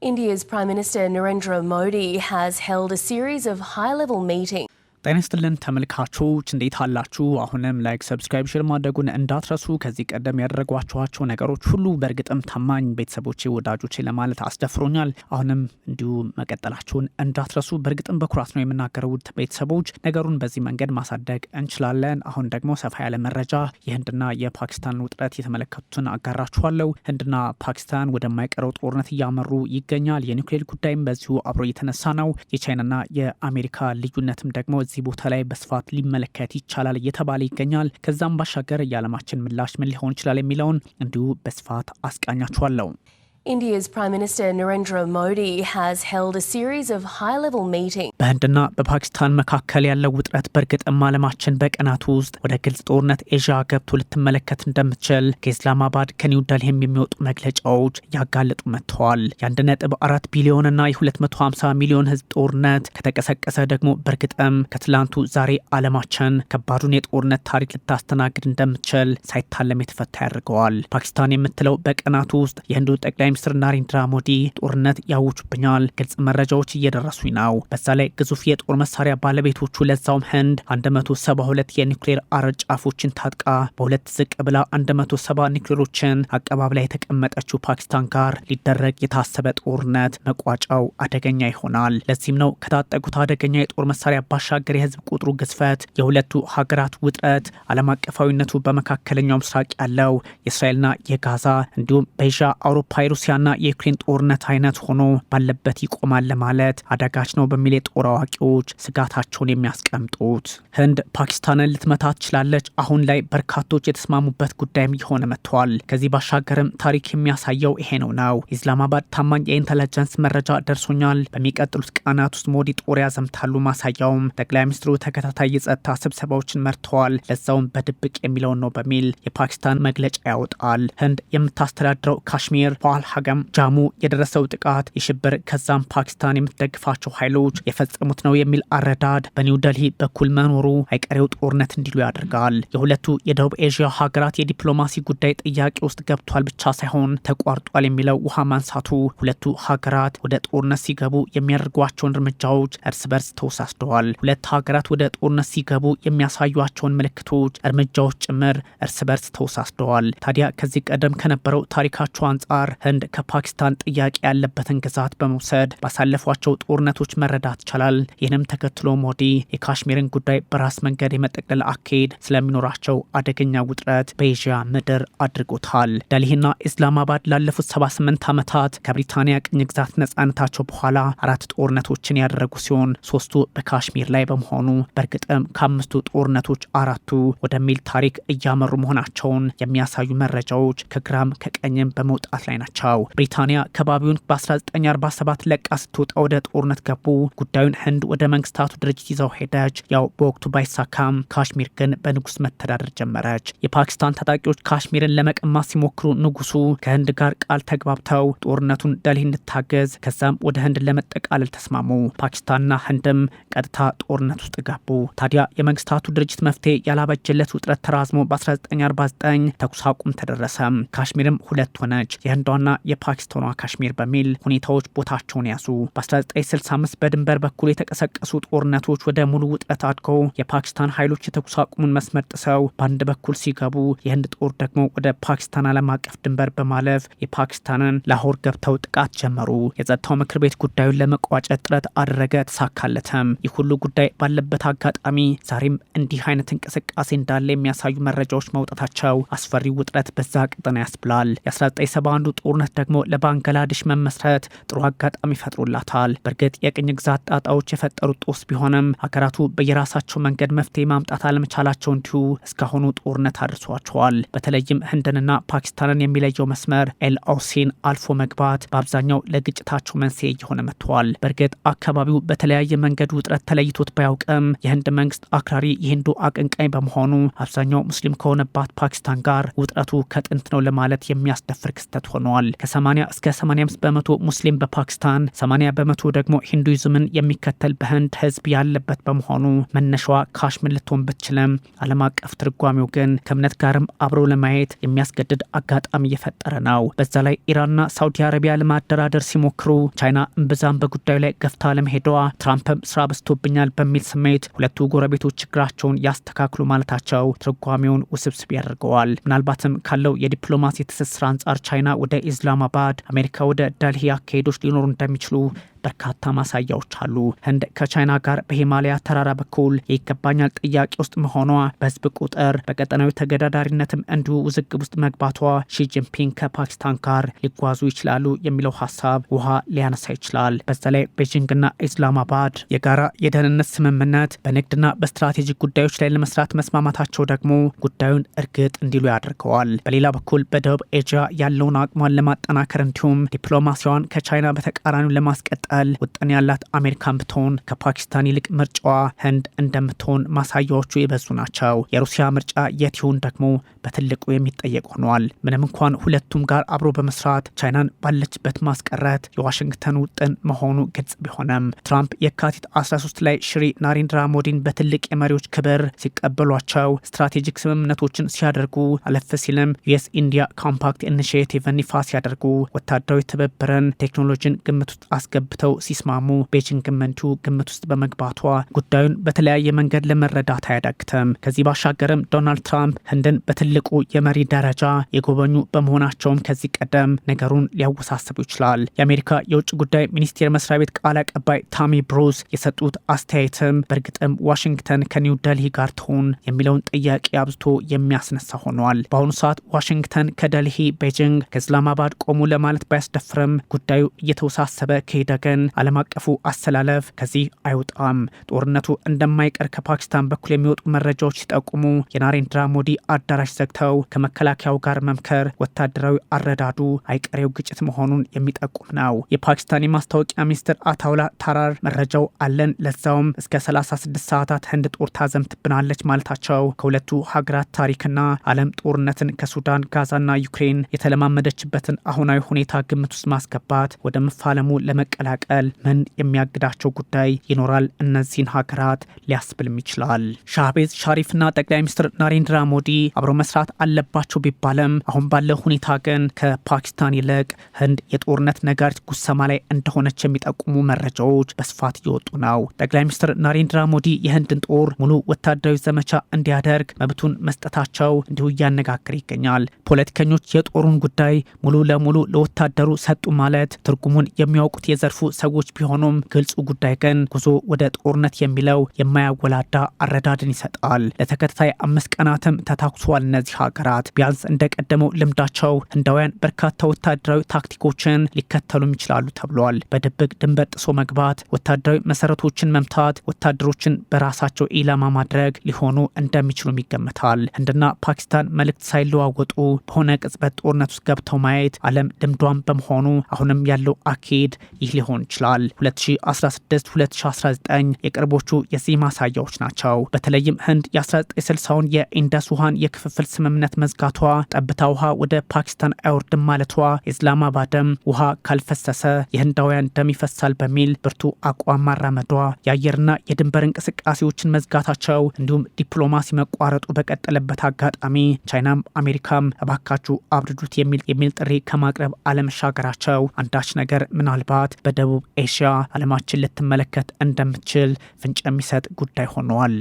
India's Prime Minister Narendra Modi has held a series of high level meetings. ጤና ይስጥልን ተመልካቾች እንዴት አላችሁ? አሁንም ላይክ፣ ሰብስክራይብ፣ ሽር ማድረጉን እንዳትረሱ። ከዚህ ቀደም ያደረጓችኋቸው ነገሮች ሁሉ በእርግጥም ታማኝ ቤተሰቦቼ፣ ወዳጆቼ ለማለት አስደፍሮኛል። አሁንም እንዲሁ መቀጠላችሁን እንዳትረሱ። በእርግጥም በኩራት ነው የምናገረው ውድ ቤተሰቦች። ነገሩን በዚህ መንገድ ማሳደግ እንችላለን። አሁን ደግሞ ሰፋ ያለ መረጃ የህንድና የፓኪስታን ውጥረት የተመለከቱትን አጋራችኋለሁ። ህንድና ፓኪስታን ወደማይቀረው ጦርነት እያመሩ ይገኛል። የኒውክሌር ጉዳይም በዚሁ አብሮ እየተነሳ ነው። የቻይናና የአሜሪካ ልዩነትም ደግሞ በዚህ ቦታ ላይ በስፋት ሊመለከት ይቻላል እየተባለ ይገኛል። ከዛም ባሻገር የዓለማችን ምላሽ ምን ሊሆን ይችላል የሚለውን እንዲሁ በስፋት አስቃኛችኋለሁ። India's Prime Minister Narendra Modi has held a series of high-level meetings. በህንድና በፓኪስታን መካከል ያለው ውጥረት በእርግጥም ዓለማችን በቀናት ውስጥ ወደ ግልጽ ጦርነት ኤዥያ ገብቶ ልትመለከት እንደምትችል ከኢስላማባድ ከኒው ደልሂም የሚወጡ መግለጫዎች እያጋለጡ መጥተዋል። የአንድ ነጥብ አራት ቢሊዮንና የ250 ሚሊዮን ህዝብ ጦርነት ከተቀሰቀሰ ደግሞ በእርግጥም ከትላንቱ ዛሬ ዓለማችን ከባዱን የጦርነት ታሪክ ልታስተናግድ እንደምትችል ሳይታለም የተፈታ ያደርገዋል። ፓኪስታን የምትለው በቀናት ውስጥ የህንዱ ጠቅላይ ጠቅላይ ሚኒስትር ናሬንድራ ሞዲ ጦርነት ያውጁብኛል፣ ግልጽ መረጃዎች እየደረሱኝ ነው። በዛ ላይ ግዙፍ የጦር መሳሪያ ባለቤቶቹ ለዛውም ህንድ 172 የኒውክሌር አረር ጫፎችን ታጥቃ በሁለት ዝቅ ብላ 170 ኒውክሌሮችን አቀባብላ የተቀመጠችው ፓኪስታን ጋር ሊደረግ የታሰበ ጦርነት መቋጫው አደገኛ ይሆናል። ለዚህም ነው ከታጠቁት አደገኛ የጦር መሳሪያ ባሻገር የህዝብ ቁጥሩ ግዝፈት፣ የሁለቱ ሀገራት ውጥረት፣ ዓለም አቀፋዊነቱ በመካከለኛው ምስራቅ ያለው የእስራኤልና የጋዛ እንዲሁም በዣ አውሮፓ የሩሲያና የዩክሬን ጦርነት አይነት ሆኖ ባለበት ይቆማል ለማለት አዳጋች ነው በሚል የጦር አዋቂዎች ስጋታቸውን የሚያስቀምጡት ህንድ ፓኪስታንን ልትመታ ትችላለች አሁን ላይ በርካቶች የተስማሙበት ጉዳይም እየሆነ መጥቷል። ከዚህ ባሻገርም ታሪክ የሚያሳየው ይሄ ነው ነው ኢስላማባድ ታማኝ የኢንተለጀንስ መረጃ ደርሶኛል፣ በሚቀጥሉት ቀናት ውስጥ ሞዲ ጦር ያዘምታሉ፣ ማሳያውም ጠቅላይ ሚኒስትሩ ተከታታይ የጸጥታ ስብሰባዎችን መርተዋል፣ ለዛውም በድብቅ የሚለውን ነው በሚል የፓኪስታን መግለጫ ያወጣል። ህንድ የምታስተዳድረው ካሽሚር ፋል ሀገም ጃሙ የደረሰው ጥቃት የሽብር ከዛም ፓኪስታን የምትደግፋቸው ኃይሎች የፈጸሙት ነው የሚል አረዳድ በኒው ደልሂ በኩል መኖሩ አይቀሬው ጦርነት እንዲሉ ያደርጋል። የሁለቱ የደቡብ ኤዥያ ሀገራት የዲፕሎማሲ ጉዳይ ጥያቄ ውስጥ ገብቷል ብቻ ሳይሆን ተቋርጧል የሚለው ውሃ ማንሳቱ ሁለቱ ሀገራት ወደ ጦርነት ሲገቡ የሚያደርጓቸውን እርምጃዎች እርስ በርስ ተወሳስደዋል። ሁለት ሀገራት ወደ ጦርነት ሲገቡ የሚያሳዩቸውን ምልክቶች፣ እርምጃዎች ጭምር እርስ በርስ ተወሳስደዋል። ታዲያ ከዚህ ቀደም ከነበረው ታሪካቸው አንጻር ህንድ ዘንድ ከፓኪስታን ጥያቄ ያለበትን ግዛት በመውሰድ ባሳለፏቸው ጦርነቶች መረዳት ይቻላል። ይህንም ተከትሎ ሞዲ የካሽሚርን ጉዳይ በራስ መንገድ የመጠቅለል አካሄድ ስለሚኖራቸው አደገኛ ውጥረት በኤዥያ ምድር አድርጎታል። ደሊህና ኢስላማባድ ላለፉት 78 ዓመታት ከብሪታንያ ቅኝ ግዛት ነጻነታቸው በኋላ አራት ጦርነቶችን ያደረጉ ሲሆን ሶስቱ በካሽሚር ላይ በመሆኑ በእርግጥም ከአምስቱ ጦርነቶች አራቱ ወደሚል ታሪክ እያመሩ መሆናቸውን የሚያሳዩ መረጃዎች ከግራም ከቀኝም በመውጣት ላይ ናቸው። የተነሳው። ብሪታንያ ከባቢውን በ1947 ለቃ ስትወጣ ወደ ጦርነት ገቡ። ጉዳዩን ህንድ ወደ መንግስታቱ ድርጅት ይዘው ሄደች። ያው በወቅቱ ባይሳካም ካሽሚር ግን በንጉስ መተዳደር ጀመረች። የፓኪስታን ታጣቂዎች ካሽሚርን ለመቀማት ሲሞክሩ ንጉሱ ከህንድ ጋር ቃል ተግባብተው ጦርነቱን ደልሂ እንድታገዝ ከዛም ወደ ህንድ ለመጠቃለል ተስማሙ። ፓኪስታንና ህንድም ቀጥታ ጦርነት ውስጥ ገቡ። ታዲያ የመንግስታቱ ድርጅት መፍትሄ ያላበጀለት ውጥረት ተራዝሞ በ1949 ተኩስ አቁም ተደረሰ። ካሽሚርም ሁለት ሆነች። የህንዷና የፓኪስታኗ ካሽሚር በሚል ሁኔታዎች ቦታቸውን ያዙ። በ1965 በድንበር በኩል የተቀሰቀሱ ጦርነቶች ወደ ሙሉ ውጥረት አድገው የፓኪስታን ኃይሎች የተኩስ አቁሙን መስመር ጥሰው በአንድ በኩል ሲገቡ፣ የህንድ ጦር ደግሞ ወደ ፓኪስታን ዓለም አቀፍ ድንበር በማለፍ የፓኪስታንን ላሆር ገብተው ጥቃት ጀመሩ። የጸጥታው ምክር ቤት ጉዳዩን ለመቋጨት ጥረት አደረገ፣ ተሳካለትም። ይህ ሁሉ ጉዳይ ባለበት አጋጣሚ ዛሬም እንዲህ አይነት እንቅስቃሴ እንዳለ የሚያሳዩ መረጃዎች መውጣታቸው አስፈሪ ውጥረት በዛ ቀጠና ያስብላል። የ1971 ጦርነት ግዛት ደግሞ ለባንግላዴሽ መመስረት ጥሩ አጋጣሚ ይፈጥሩላታል። በእርግጥ የቅኝ ግዛት ጣጣዎች የፈጠሩት ጦስ ቢሆንም ሀገራቱ በየራሳቸው መንገድ መፍትሄ ማምጣት አለመቻላቸው እንዲሁ እስካሁኑ ጦርነት አድርሷቸዋል። በተለይም ህንድንና ፓኪስታንን የሚለየው መስመር ኤልአውሲን አልፎ መግባት በአብዛኛው ለግጭታቸው መንስኤ እየሆነ መጥተዋል። በእርግጥ አካባቢው በተለያየ መንገድ ውጥረት ተለይቶት ባያውቅም የህንድ መንግስት አክራሪ የህንዱ አቀንቃኝ በመሆኑ አብዛኛው ሙስሊም ከሆነባት ፓኪስታን ጋር ውጥረቱ ከጥንት ነው ለማለት የሚያስደፍር ክስተት ሆነዋል። ከ80 እስከ 85 በመቶ ሙስሊም በፓኪስታን 80 በመቶ ደግሞ ሂንዱይዝምን የሚከተል በህንድ ህዝብ ያለበት በመሆኑ መነሻዋ ካሽሚር ልትሆን ብትችልም ዓለም አቀፍ ትርጓሜው ግን ከእምነት ጋርም አብሮ ለማየት የሚያስገድድ አጋጣሚ እየፈጠረ ነው። በዛ ላይ ኢራንና ሳውዲ አረቢያ ለማደራደር ሲሞክሩ ቻይና እምብዛም በጉዳዩ ላይ ገፍታ ለመሄዷ ትራምፕም ስራ በዝቶብኛል በሚል ስሜት ሁለቱ ጎረቤቶች ችግራቸውን ያስተካክሉ ማለታቸው ትርጓሜውን ውስብስብ ያደርገዋል። ምናልባትም ካለው የዲፕሎማሲ ትስስር አንጻር ቻይና ወደ ኢስላማባድ አሜሪካ ወደ ደልሂ አካሄዶች ሊኖሩ እንደሚችሉ በርካታ ማሳያዎች አሉ። ህንድ ከቻይና ጋር በሂማሊያ ተራራ በኩል የይገባኛል ጥያቄ ውስጥ መሆኗ በህዝብ ቁጥር በቀጠናዊ ተገዳዳሪነትም እንዲሁ ውዝግብ ውስጥ መግባቷ ሺጂንፒንግ ከፓኪስታን ጋር ሊጓዙ ይችላሉ የሚለው ሀሳብ ውሃ ሊያነሳ ይችላል። በተለይ ቤጂንግና ኢስላማባድ የጋራ የደህንነት ስምምነት በንግድና በስትራቴጂክ ጉዳዮች ላይ ለመስራት መስማማታቸው ደግሞ ጉዳዩን እርግጥ እንዲሉ ያደርገዋል። በሌላ በኩል በደቡብ ኤዥያ ያለውን አቅሟን ለማጠናከር እንዲሁም ዲፕሎማሲዋን ከቻይና በተቃራኒው ለማስቀጠል ለመቀጠል ውጥን ያላት አሜሪካን ብትሆን ከፓኪስታን ይልቅ ምርጫዋ ህንድ እንደምትሆን ማሳያዎቹ የበዙ ናቸው። የሩሲያ ምርጫ የት ይሁን ደግሞ በትልቁ የሚጠየቅ ሆኗል። ምንም እንኳን ሁለቱም ጋር አብሮ በመስራት ቻይናን ባለችበት ማስቀረት የዋሽንግተን ውጥን መሆኑ ግልጽ ቢሆንም ትራምፕ የካቲት 13 ላይ ሽሪ ናሬንድራ ሞዲን በትልቅ የመሪዎች ክብር ሲቀበሏቸው ስትራቴጂክ ስምምነቶችን ሲያደርጉ አለፍ ሲልም ዩኤስ ኢንዲያ ካምፓክት ኢኒሽቲቭን ይፋ ሲያደርጉ ወታደራዊ ትብብርን፣ ቴክኖሎጂን ግምት ውስጥ አስገብቶ ተስማምተው ሲስማሙ ቤጂንግ ግመንቱ ግምት ውስጥ በመግባቷ ጉዳዩን በተለያየ መንገድ ለመረዳት አያዳግተም። ከዚህ ባሻገርም ዶናልድ ትራምፕ ህንድን በትልቁ የመሪ ደረጃ የጎበኙ በመሆናቸውም ከዚህ ቀደም ነገሩን ሊያወሳስቡ ይችላል። የአሜሪካ የውጭ ጉዳይ ሚኒስቴር መስሪያ ቤት ቃል አቀባይ ታሚ ብሩስ የሰጡት አስተያየትም በእርግጥም ዋሽንግተን ከኒው ደልሂ ጋር ትሆን የሚለውን ጥያቄ አብዝቶ የሚያስነሳ ሆኗል። በአሁኑ ሰዓት ዋሽንግተን ከደልሂ ቤጂንግ ከእስላማባድ ቆሙ ለማለት ባያስደፍርም ጉዳዩ እየተወሳሰበ ከሄደ ግን ዓለም አቀፉ አሰላለፍ ከዚህ አይወጣም። ጦርነቱ እንደማይቀር ከፓኪስታን በኩል የሚወጡ መረጃዎች ሲጠቁሙ የናሬንድራ ሞዲ አዳራሽ ዘግተው ከመከላከያው ጋር መምከር ወታደራዊ አረዳዱ አይቀሬው ግጭት መሆኑን የሚጠቁም ነው። የፓኪስታን የማስታወቂያ ሚኒስትር አታውላ ታራር መረጃው አለን ለዛውም እስከ 36 ሰዓታት ህንድ ጦር ታዘምትብናለች ማለታቸው ከሁለቱ ሀገራት ታሪክና ዓለም ጦርነትን ከሱዳን ጋዛና ዩክሬን የተለማመደችበትን አሁናዊ ሁኔታ ግምት ውስጥ ማስገባት ወደ መፋለሙ ለመቀላቀል መቀላቀል ምን የሚያግዳቸው ጉዳይ ይኖራል? እነዚህን ሀገራት ሊያስብልም ይችላል። ሻሪፍ ሻሪፍና ጠቅላይ ሚኒስትር ናሬንድራ ሞዲ አብሮ መስራት አለባቸው ቢባልም አሁን ባለው ሁኔታ ግን ከፓኪስታን ይልቅ ህንድ የጦርነት ነጋሪት ጉሰማ ላይ እንደሆነች የሚጠቁሙ መረጃዎች በስፋት እየወጡ ነው። ጠቅላይ ሚኒስትር ናሬንድራ ሞዲ የህንድን ጦር ሙሉ ወታደራዊ ዘመቻ እንዲያደርግ መብቱን መስጠታቸው እንዲሁ እያነጋገረ ይገኛል። ፖለቲከኞች የጦሩን ጉዳይ ሙሉ ለሙሉ ለወታደሩ ሰጡ ማለት ትርጉሙን የሚያውቁት የዘርፉ ሰዎች ቢሆኑም ግልጹ ጉዳይ ግን ጉዞ ወደ ጦርነት የሚለው የማያወላዳ አረዳድን ይሰጣል። ለተከታታይ አምስት ቀናትም ተታኩሷል። እነዚህ ሀገራት ቢያንስ እንደቀደመው ልምዳቸው ህንዳውያን በርካታ ወታደራዊ ታክቲኮችን ሊከተሉም ይችላሉ ተብሏል። በድብቅ ድንበር ጥሶ መግባት፣ ወታደራዊ መሰረቶችን መምታት፣ ወታደሮችን በራሳቸው ኢላማ ማድረግ ሊሆኑ እንደሚችሉም ይገመታል። ህንድና ፓኪስታን መልእክት ሳይለዋወጡ በሆነ ቅጽበት ጦርነት ውስጥ ገብተው ማየት ዓለም ልምዷን በመሆኑ አሁንም ያለው አካሄድ ይህ ሊሆን ሊሆን ይችላል። 2016-2019 የቅርቦቹ የዚህ ማሳያዎች ናቸው። በተለይም ህንድ የ1960ውን የኢንደስ ውሃን የክፍፍል ስምምነት መዝጋቷ፣ ጠብታ ውሃ ወደ ፓኪስታን አይወርድም ማለቷ፣ ኢስላማባድም ውሃ ካልፈሰሰ የህንዳውያን ደም ይፈሳል በሚል ብርቱ አቋም ማራመዷ፣ የአየርና የድንበር እንቅስቃሴዎችን መዝጋታቸው እንዲሁም ዲፕሎማሲ መቋረጡ በቀጠለበት አጋጣሚ ቻይናም አሜሪካም እባካችሁ አብርዱት የሚል የሚል ጥሪ ከማቅረብ አለመሻገራቸው አንዳች ነገር ምናልባት በደቡብ ደቡብ ኤሽያ ዓለማችን ልትመለከት እንደምትችል ፍንጭ የሚሰጥ ጉዳይ ሆነዋል።